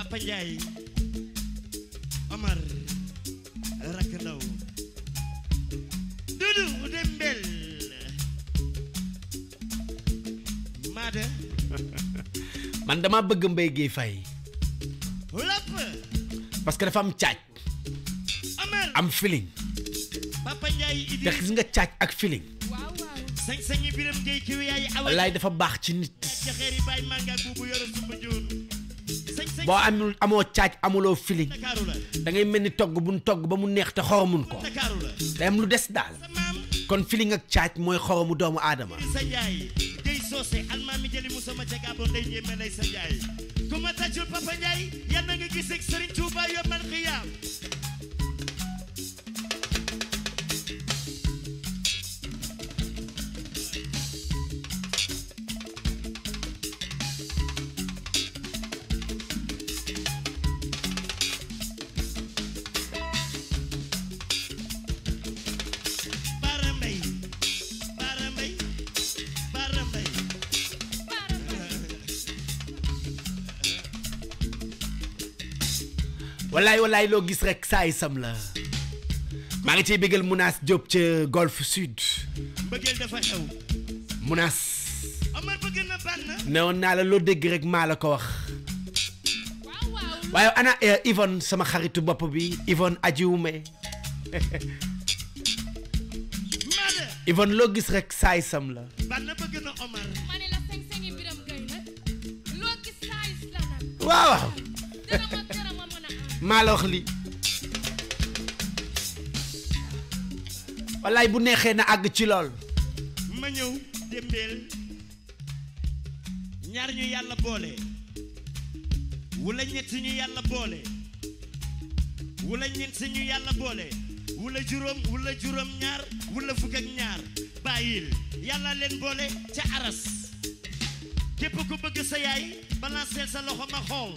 Papa Ndiaye Omar Rak Ndaw Doudou Dembel Mada man dama bëgg Mbaye Guèye Faye lépp parce dafa am caaj Omar am feeling Papa Ndiaye Idriss ndax gis nga caaj ak feeling sañ-sañi biram Ndiaye yaay awa laay dafa baax ci nit jaxeeri baay manga buubu yoro sumba joon boo amul amoo caaj amuloo feeling da ngay mel ni togg buñ togg ba mu neex te xoromuñ ko day am lu des daal kon feeling ak caaj mooy xoromu doomu aadama soose almaami jëli musoma ca gabon day ñeeme lay sa njaay ku ma tajul papa njaay yal na nga gis ak sëriñ Tuuba yombal xiyaam wallaay wallaay loo gis rek saay sam la maa ngi ciy bégal Mounas Diop ca Golf Sud mbëggeel dafa xew Mounas newoon naa la loo dégg rek maa la ko wax ana eh, Yvonne sama xaritu bopp bi Yvonne ajiwume Yvonne loo gis rek saay sam la waaw waaw maa la wax wallaay bu neexee na àgg ci lool ma ñëw démbeel ñaar ñu yàlla boole wala ñett ñu yàlla boole ñu yàlla boole wala juróom wala juróom ñaar wala fukk ak ñaar bàyyil yàlla leen boole ca aras képp ku bëgg sa yaay balanceel sa loxo ma xool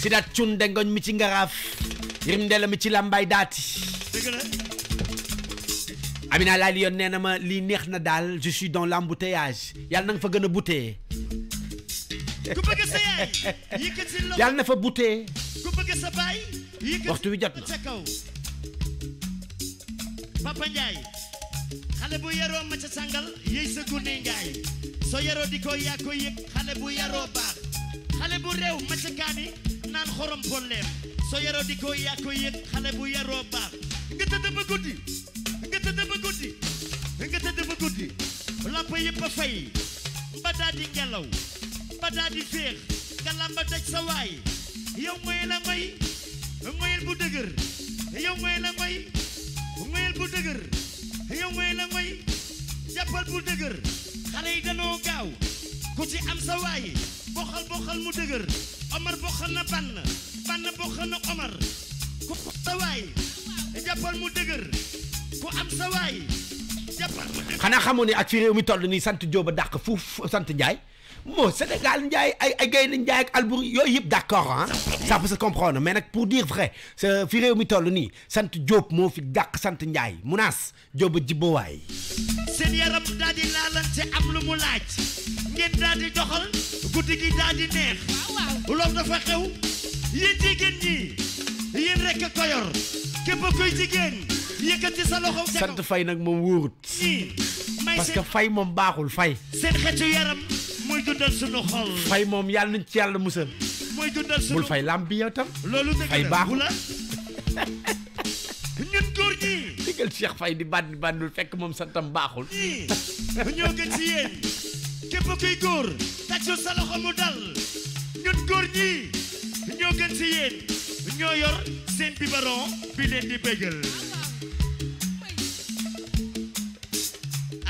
sidat cun dengoñ mi ci ngaraaf rimndela mi ci lambay daati amina laa yoon nee na ma lii neex na daal je suis dans l'embouteillage yàlla na nga fa gën a butee yàlla na fa butee waxtu wi jot na Papa Ndiaye xale bu yaroo ma ca sàngal yéy sa gune Ndiaye soo yaroo di ko yaa ko yëg xale bu yaroo baax xale bu réew ma nan xorom bonneem so yero di koy ya koy yëg xale bu yero ba nga tëdd ba goudi nga tëdd ba goudi nga tëdd ba goudi làmp yëpp a fay ba daa di ngelaw ba daa di féex nga làmba daj sa way yow moy la may moyel bu deuguer yow moy la may moyel bu deuguer yow moy la may jappal bu deuguer xale yi danoo gaaw ku ci am sa way bokhal bokhal mu deuguer Omar bokk na bann bann bokk na Omar ku sa waay jàppal mu dëgër ku am sa waay jàppal xanaa xamoon ne ak fi réew mi toll nii sant Jóoba dàq fuuf sant Njaay moo Sénégal Ndiaye ay ay Gaynde ak Albouri yooyu yëpp d' accord ah ça peut comprendre mais nag pour dire vrai fi réew mi toll nii sant Diop moo fi dàq sant Ndiaye munaas Diop a jibbowaay seen yaram daal di laalante am lu mu laaj ngeen daal di doxal guddi gi daal di neex loolu dafa xew yéen jigéen ñi yéen rek ko yor képp koy jigéen yëkkati sa loxo. sant fay nag moom wóorut. parce que fay moom baaxul fay. seen xeetu yaram mooy dundal suñu xol. fay moom yàlla nañ ci yàlla musal. mooy dundal suñu bul fay lamb bi yow tam. loolu dëgg la fay baaxul ñun góor ñi. digal Cheikh Faye di bandi bandul fekk moom santam baaxul. mu dal. ñun góor ñi ñoo gën ci yéen ñoo yor seen biberon bi leen di bégal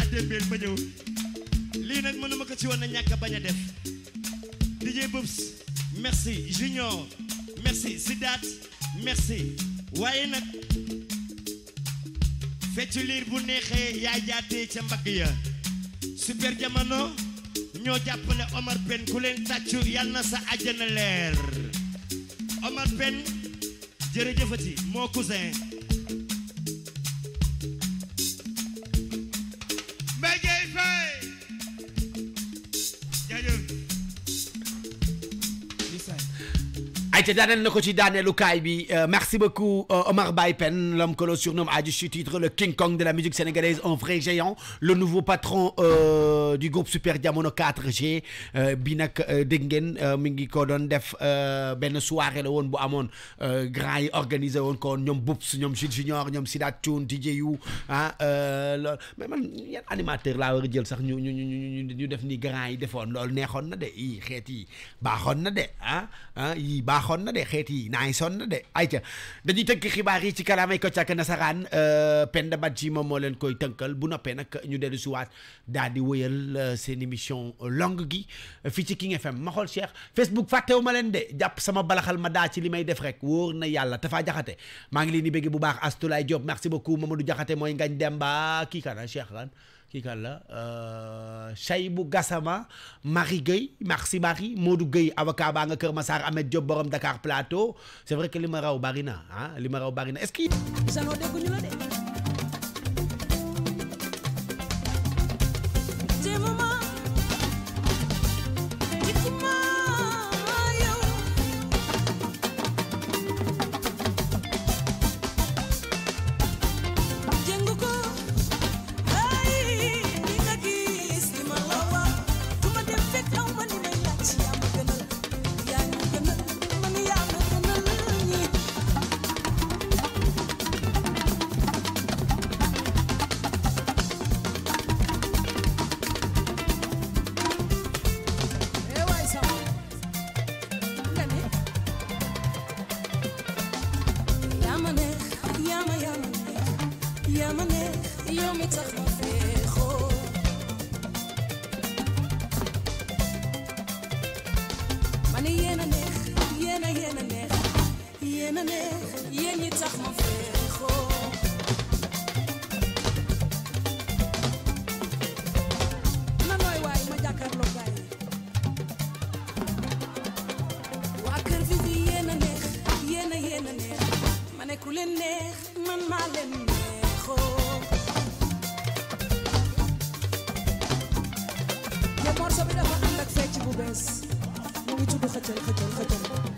adembeel ma nag mënuma ko ci woon a ñàkk bañ a def DJ Boubs merci Junior merci Sidaat merci waaye nag feccu liir bu neexee yaa jaatee ca mbagg ya super jamono ñoo jàppale Omar Pène ku leen tàccu yal na sa àjjana leer Omar Pène jërëjëfati moo cousin Euh, merci beaucoup euh, Omar Baipen l'homme que titre le King Kong de la musique sénégalaise En vrai géant le nouveau patron euh, du groupe Super Diamond 4G bi Dengen Mingi def grand organisé Junior DJ ah, mais man animateur a neexoon na de xeet yi naay son na de ayca dañuy tënk xibaar yi ci kalaamay Kocc ak Nasaraan bat euh, Badji moom moo leen koy tënkal bu noppee nag ñu dellu si waat daal di wëyal euh, seen émission longue gi fii ci King FM ma xool Cheikh Facebook fàttewu ma leen de jàpp sama balaxal ma daa ci li may def rek wóor na yàlla Tafa Jaxate maa ngi leen di bégg bu baax astu Astoulaye Diop merci beaucoup du Jaxate mooy Ngañ Demba kii kana Cheikh kan kii kan la euh, Chaibou Gassama Marie Gueye merci Marie du Gueye avocat baa nga Kër Massar Ahmed Diop borom Dakar Plateau c'est vrai que li ma raw bari na ah li ma raw bari na est-ce que. bisanoo dégguñu la de. man malen bees mu ngi tudd xëccal xëccal xëccal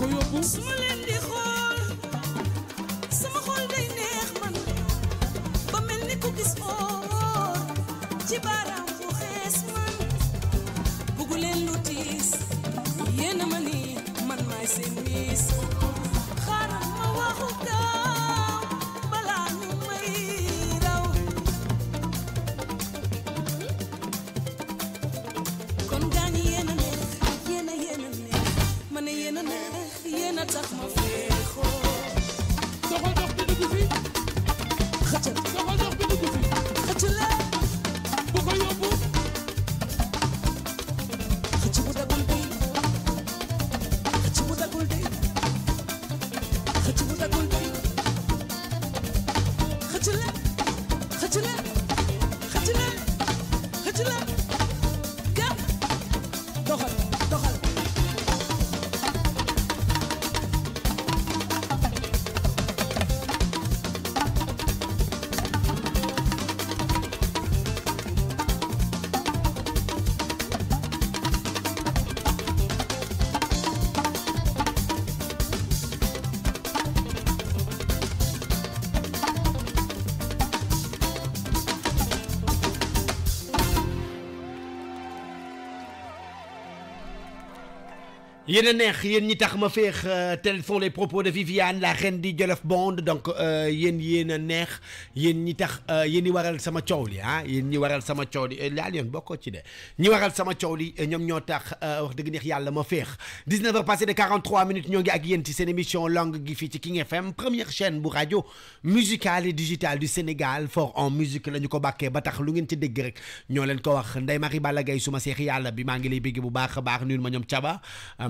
我又不。yéen neex yéen ñi tax ma féex euh, tels sont les propos de Viviane la reine di Jolof Bond donc euh, yéen yéen a neex yéen ñi tax euh, yéen ñi waral sama coow li ah yéen ñi waral sama coow li laal yoon bokkoo ci de ñi waral sama coow li ñoom ñoo tax wax dëgg neex yàlla ma féex 19 heures passé de 43 minutes ñoo ngi ak yéen ci seen émission langue gi fii ci King FM première chaîne bu radio musicale et digitale du Sénégal fort en musique la ñu ko bàkkee ba tax lu ngeen ci dégg rek ñoo leen ko wax Ndeye Marie Balla Gaye su ma seex yàlla bi maa ngi lay bégg bu baax a baax nuyu ma ñoom Thiaba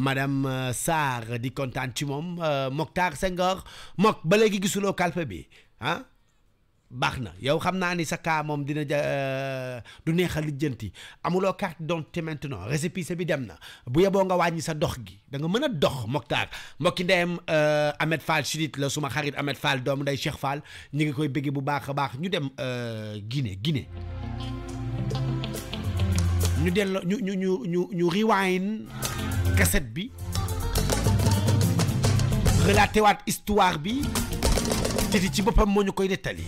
madame euh, Sar di contente ci euh, Senghor mok ba léegi gisuloo kalpe bi hein? ah tu yow xamna ni sa ka mom dina euh, du neexal carte d'identité maintenant récépissé bi demna bu nga sa dox gi da nga meuna Ahmed Fall la suma Ahmed Fall dom nday Cheikh Fall ngi dem Guinée Guinée cassette bi relaté waat histoire bi te di ci boppam moo koy nettali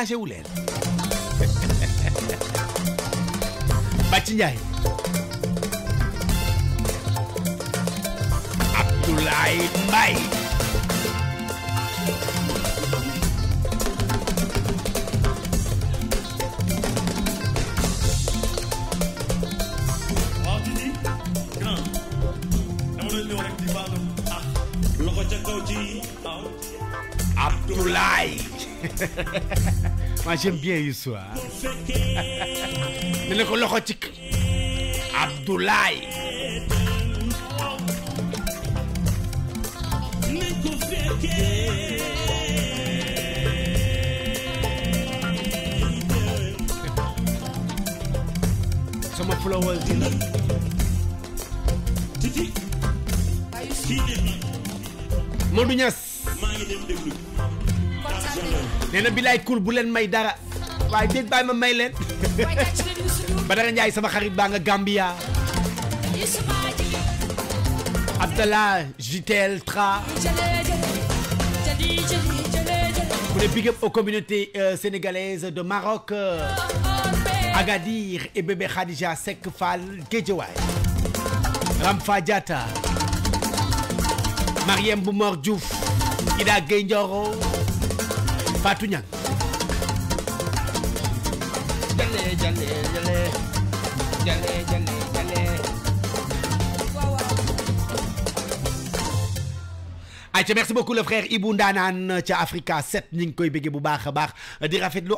engagé wu leen Bàcci Njaay Abdoulaye Mbaye ah, ah. Abdoulaye moi j'aime bien Youssou ah dina ko loxo ci Abdoulaye sama flowal dina Modou Niass nena na bilaay kul bu len may dara way déet bàyyi ma may len Badara Ndiaye sama xarit ba nga Gambia Abdallah Jitel Tra pour les big up aux communautés euh, sénégalaises de Maroc euh, Agadir et bébé Khadija Sekfal Fall Ramfa Diatta Mariem Boumor Ida Gueye Fatou Niang jale jale jale jale jale merci beaucoup le frère Ibundanan. Ndaanaan euh, Africa 7 ñu ngi koy euh,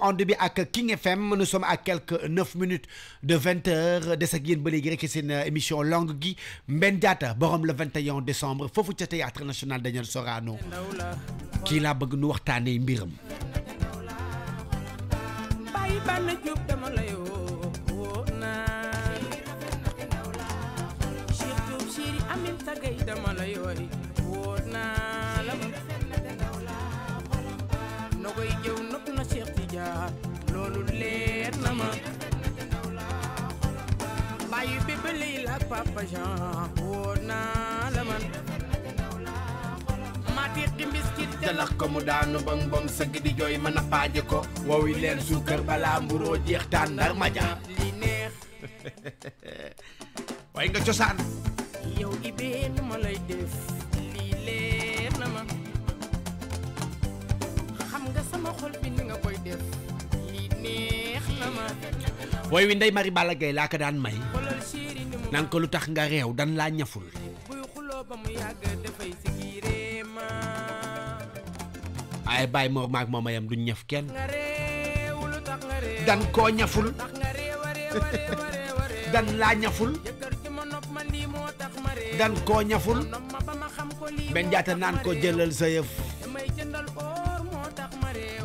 en bu début ak King FM nous sommes à quelques 9 minutes de 20 h de sa guine ba qui est une émission longue qui. Mbène borom le 21 décembre Fofu théâtre national Daniel Sorano qui l'a bëgg nu waxtaanee mbiram. Leila Papa Jean wóor naa la man maati ximbiskit jalax ko mu daanu bang bang sëgg di jooy mën a paaje ko wowi jeex ma ja li neex nga yow ma lay def leer na ma xam nga sama xol nga koy def neex na ma wi ndey mari gay may naan ko lu tax nga réew dan la ñaful ay bay moom maag moom a yam duñ ñaf kenn dan koo ñaful dan laa ñaful dan koo ñaful benn jaata ko jëlal sa yëf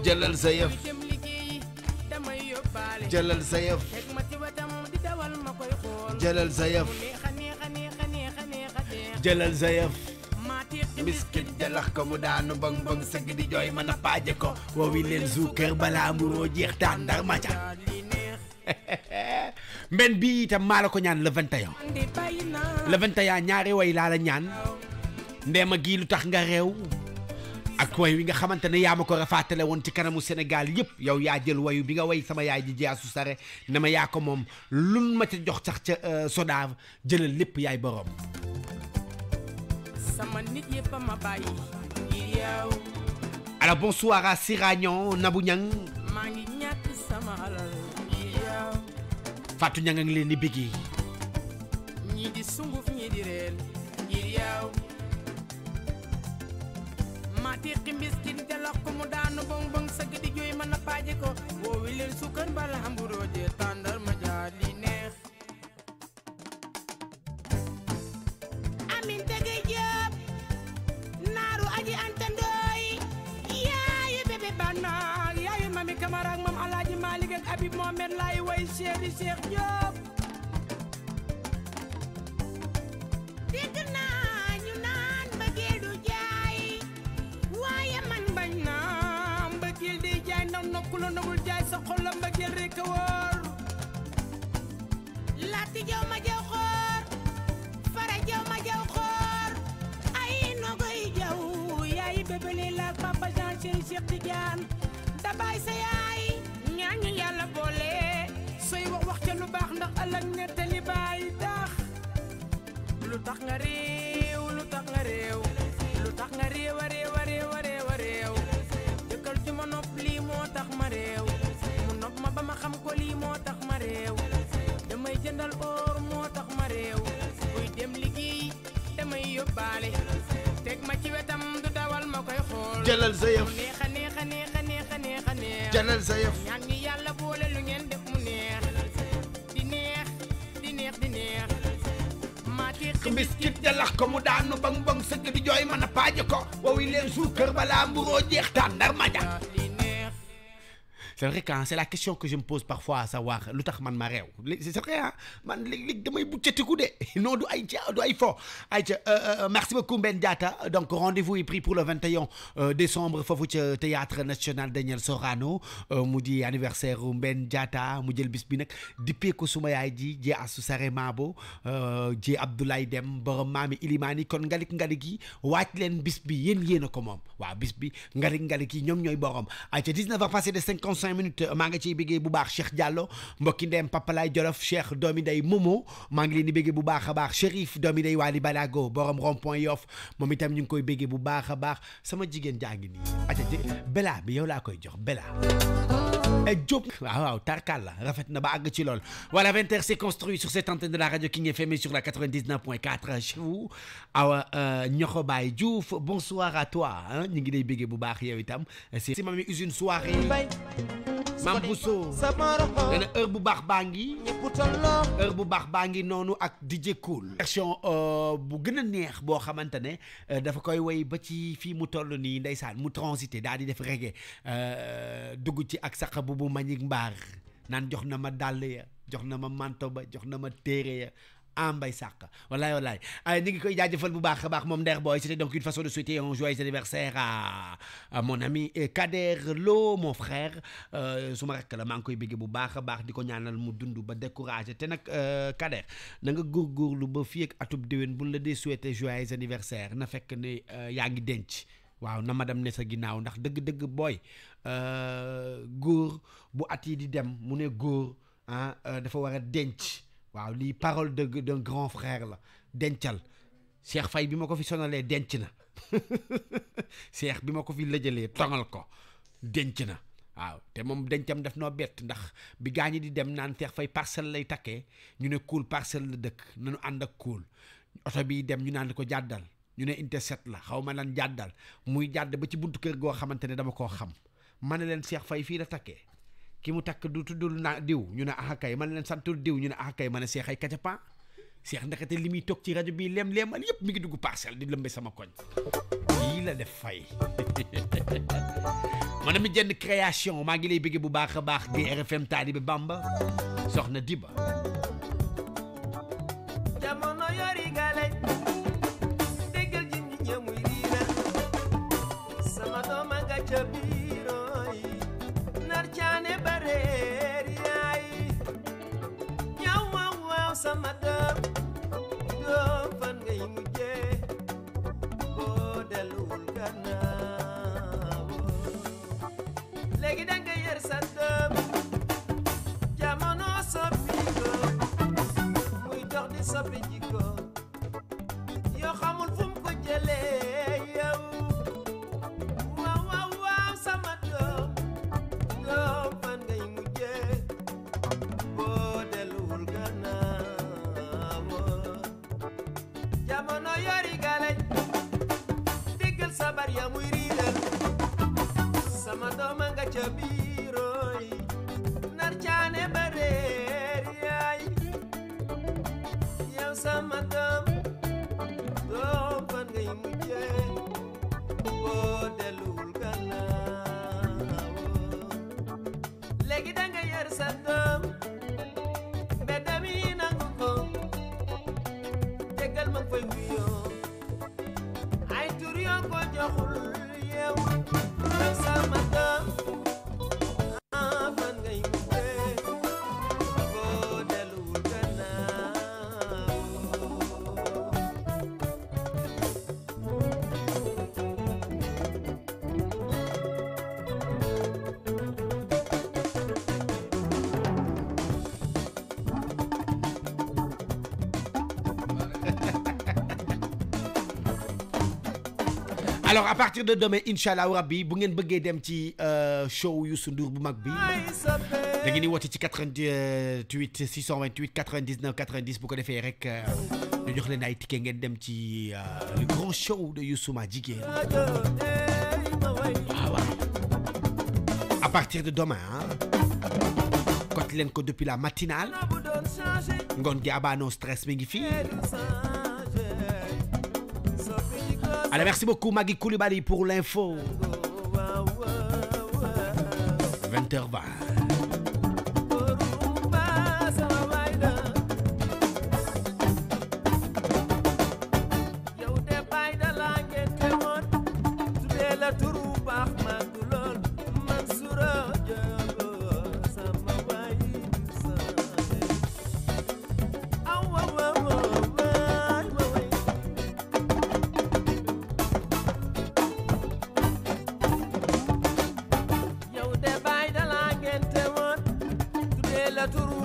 jëlal sa yëf jëlal sa jëlal sa yëf jëlal miskit jalax ko mu daanu bong bong sëgg di jooy mën a paaje ko woowi leen suukar balaa mburoo jeex taan ndar maca mbenn bii itam maa la ko ñaan le 21 le 21 ñaari way laa la ñaan ndeema gii lu tax nga réew ak way wi nga xamante ne yaa ma ko rafaatale woon ci kanamu Sénégal yëpp yow yaa jël wayu bi nga way sama yaay ji jaasu sare na ma yaa ko moom lun ma ca jox sax ca euh, Sodav jëlal lépp yaay boroom sama nit yëpp ma bàyyi ngir yow alors bonsoir à Siragnon Nabou Niang maa ngi ñàkk sama alal ngir yow Fatou Niang leen di bigi ñii di sunguf ñii di reen ngir yow tiqi miskin jalok ko mu daanu bong bong sëgg di jooy mën a paaje ko woowi leen sukkar bala hamburooje tàndar ma jaar li neex amin tege jëb naaru aji antandooy yaayu bébé bannaag yaayu mami kamara mam alaaji maalik ak abib mohamed laay way seeri seex joob dégg naa ndigal rek a wóor laati jaw ma jaw xoor fara jaw ma jaw xoor ay nogoy jaw yaay bébélé la ak papa Jean Chéri Cheikh Tidiane dabaay sa yaay ñaan ñu yàlla boole sooy wax wax ca lu baax ndax ëllëg nettali baay tax lu tax nga réer jëlal sa yëf jëlal sa yëf ñaan ñi yàlla boole lu ngeen def mu neex di neex di neex di neex mbiskit jalax ko mu daanu bang bang sëgg di jooy mën a paaje ko wowi leen suukar balaa mburoo jeex tàndar maja c'est vrai que ah, c'est la question que je me pose parfois à savoir le man c'est vrai hein? man non du merci beaucoup donc rendez-vous est pris pour le 21 euh, décembre au théâtre national Daniel Sorano euh, mu dit anniversaire jël bis bi que euh, Abdoulaye Dem borom Ilimani kon ngalik Bisbi, 19 passé de 55 cinq minutes euh, maa ngi ciy béggee bu baax Cheikh Diallo mbokki ndeem papalaay Jolof Cheikh doomi day Momo maa ngi leen di béggee bu baax a baax Chérif doomi day Waly Balago borom rond point Yoff moom itam ñu ngi koy béggee bu baax a baax sama jigéen jaa ngi nii aja Bella bi yow laa koy jox Bella Diop ah, waaw tarkal la rafet na ba ci voilà 20h c'est construit sur cette antenne de la radio King FM et sur la 99.4 chez vous alors, Ñoxo bay bonsoir à toi hein. ñu ngi lay béggee bu baax yow itam c'est une usine soirée maam Bousso nee na bu baax baa ngi heure bu baax baa ngi noonu ak DJ Cool version euh, bu gën a neex boo xamante ne euh, dafa koy woy ba ci fii mu toll nii ndeysaan mu transité daal di def reggae euh, dugg ci ak saqa bu bu mañik mbaar naan jox na ma dàll ya jox na ma manto ba jox na ma téere ya am bay Wallahi wallahi. Ay ni ngi koy jaajëfal bu baax a baax moom Boy c'était donc une façon de souhaiter un joyeux anniversaire à, à mon ami euh, Kader Lo mon frère euh suma rek la mang koy bëgg bu baax a baax di ñaanal mu dund ba découragé nak euh Kader na nga góorgóorlu ba fi ak atup déwén bu la dé souhaiter joyeux anniversaire na fekk ne euh, ya ngi denc waaw na madame dem ne sa ginnaaw ndax deug boy euh góor bu at di dem mu ne góor ah euh, dafa wara a denc waaw lii parole de d'un grand frère la dencal Cheikh fay bi ma ko fi sonalee denc na Cheikh bi ma ko fi lëjalee tongal ko denc na waaw te moom dencam daf noo bett ndax bi gaa ñi di dem naan Cheikh Faye parcelle lay takkee ñu ne kuul parcelle la dëkk nañu ànd ak kuul oto bii dem ñu naan ko jàddal ñu ne interset la xaw ma lan jàddal muy jàdd ba ci buntu kër goo xamante ne dama koo xam ma ne leen Cheikh fay fii la takkee ki mu takk du tuddul na diw ñu ne ah kay man leen santul diw ñu ne ah man a seex ay kacapan seex ndaxte li muy toog ci rajo bii leem-leemal yëpp mi ngi dugg parcelle di lëmbe sama koñ yii la def fay man mi jenn création maa ngi lay bëgg bu baax a baax di RFM taalibe Bamba soxna Diba sama dëkk doom fan ngay mujjee boo delluwul gannaaw léegi da yër sa dëkk jamono soppi ko muy dox di soppi jikko yoo xamul fu ko jëlee. ca biirooy nar caane ba reer yaay yow sama doom doom fan ngay mujjee boo delluwul gannaaw léegi da nga yar sa doom alors à partir de demain Inch'Allah, vous rabbi vous ngeen un dem euh, show Youssou Ndour Boumakbi. Vous allez da ngeen 88 628 99 90 pour que vous rek euh, ñu nous leen ay ticket ngeen dem euh, le grand show de Youssou ma Ah ouais. à partir de demain quand hein, leen ko depuis la matinale ngoon gi abano stress mi Allez, merci beaucoup Maggie Koulibaly pour l'info. 20h20.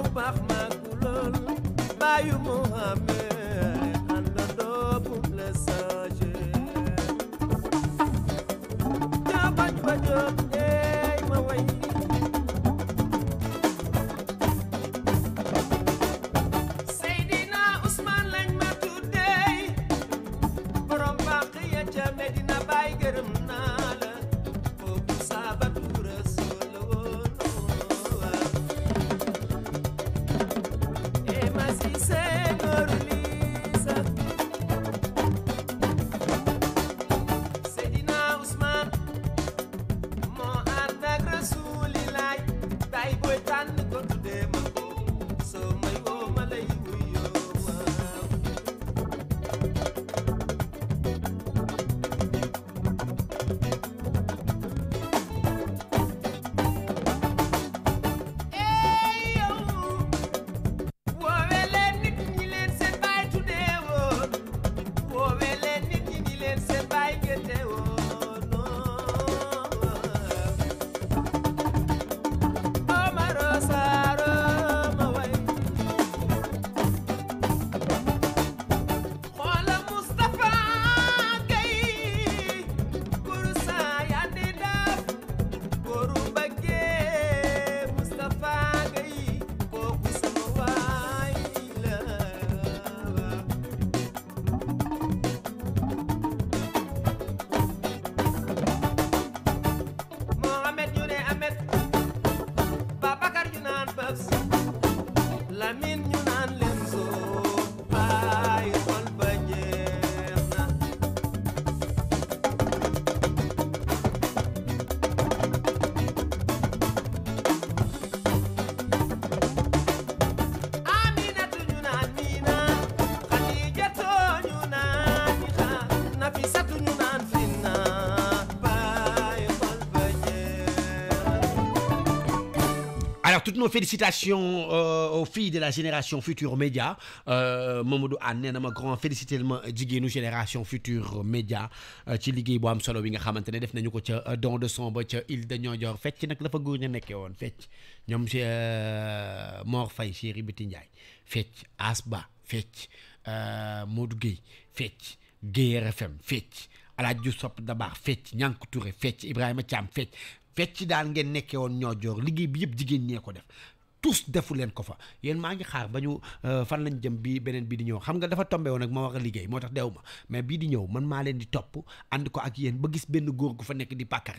mu baax maa ku lool baayu Muhammed àndandoo bu le sage ja bañ ba jot félicitations euh, aux filles de la génération future Média euh, Mamadou Anne na ma grand félicité digue euh, jigéenu génération Futur Média ci liggéey bu am solo bi nga xamante def nañu ko don de son ba ca Île de Niodior fecc nag la fa góor ña nekkee woon fecc ñoom fait. Mor Faye Chéri Biti Ndiaye fait Asba fecc Modou Gay, fecc Gay RFM fecc Alaaj Ju Sopp fait fecc Ñànku Touré fecc Ibrahima Thiam fecc fecc daan ngeen nekkee woon ñoo joor liggéey bi yëpp jigéen ñee ko def tous defu leen ko fa yéen maa ngi xaar ba ñu euh, fan lañ jëm bi beneen bi di ñëw xam nga dafa tombé woon ak ma war a liggéey moo tax dew ma mais bii di ñëw man maa leen di topp ànd ko ak yéen ba gis benn góor gu fa nekk di pàkkar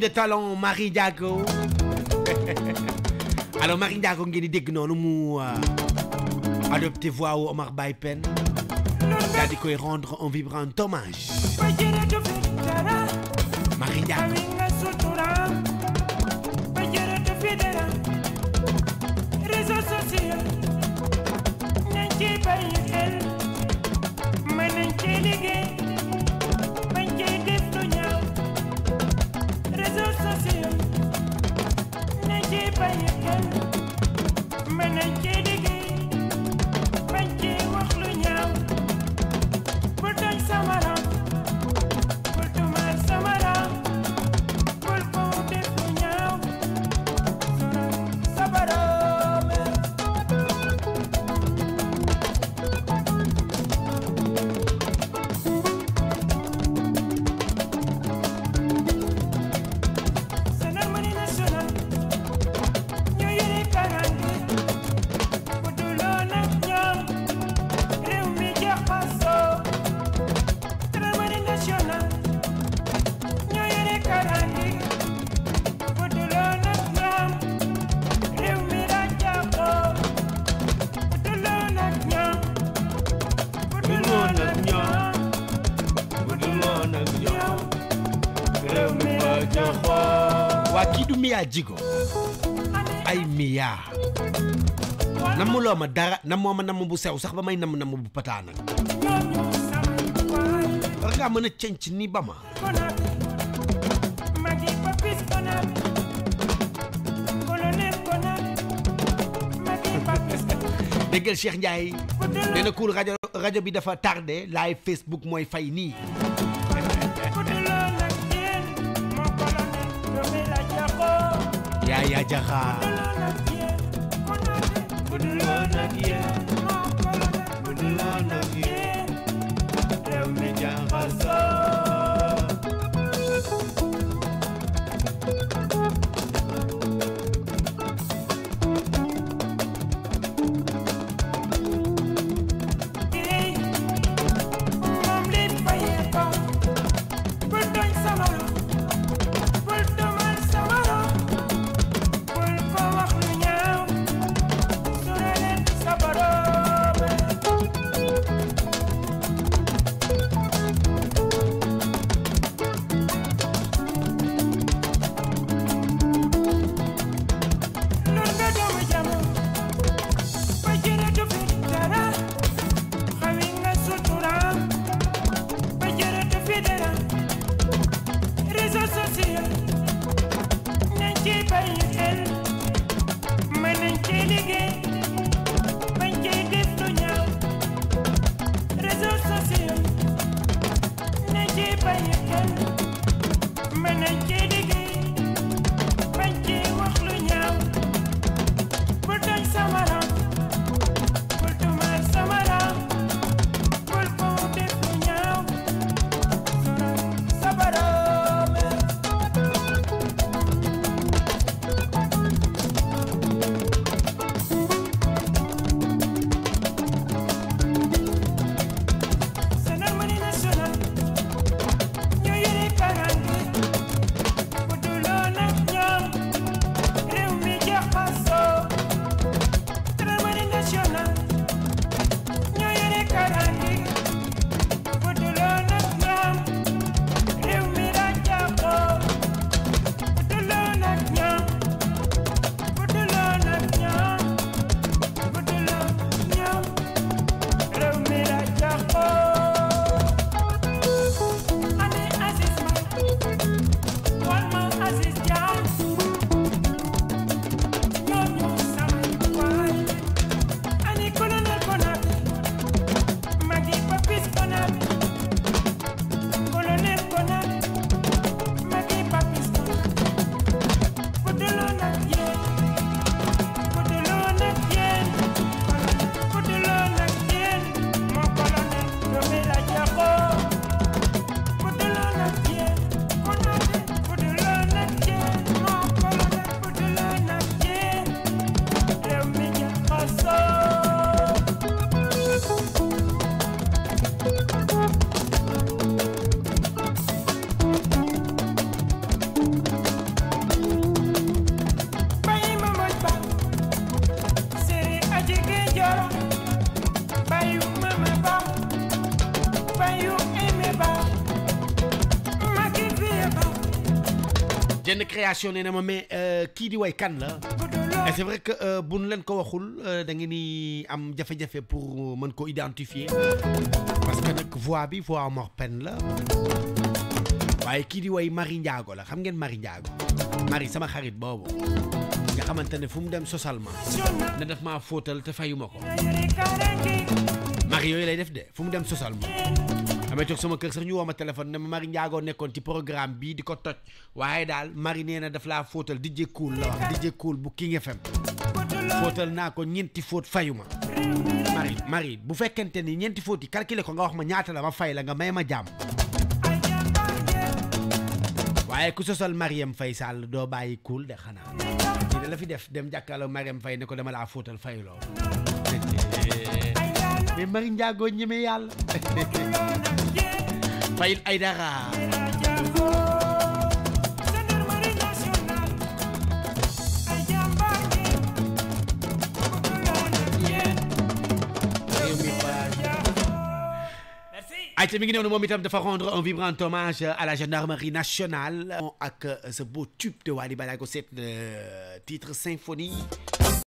de talent, Marie Dago alors Marie Dago ngeen que dégg mou mu euh, voix au Omar la pen daal rendre en vibrant hommage Marie d'ago jigo Djigo ay miyaa namuloo ma dara namu ma namu bu sew sax ba may namu bu patana war ngaa mën ni bama ma Cheikh Ndiaye nee na radio bi dafa tardé live Facebook moy fay ni Yaya Jaxaa création nee na ma mais euh, kii di way kan la et c'est vrai que euh, bon nu leen ko waxul euh, da ngeen ni am jafe-jafe pour mën ko identifier parce que nak voix bi voix amorphène la waaye kii di way Marie Ndiago la xam ngeen Marie Ndiago Marie sama xarit boobu nga xamante ne fu dem socialement ma ne daf maa fóotal te fayu ma ko Marie yooyu lay def de fu dem socialement damay toog sama kër sax ñu woo ma téléphone ne ma Marie Ndiago nekkoon ci programme bii di ko toj waaye daal mari nee na daf laa fóotal DJ Cool la wax DJ Cool bu King FM fóotal naa ko ñeenti fóot fayu ma mari bu fekkente ni ñeenti fóot yi calculer ko nga wax ma ñaata la ma fay la nga may ma jàmm waaye ku sosal Mariam Faye Sall doo bàyyi Cool de xanaa la fi def dem jàkkaarloo Mariam fay ne ko dama laa fóotal fayuloo mais Mari Njaago Fayil mi rendre un vibrant hommage à la gendarmerie nationale ak ce beau tube de Wali Balago, euh, titre symphonie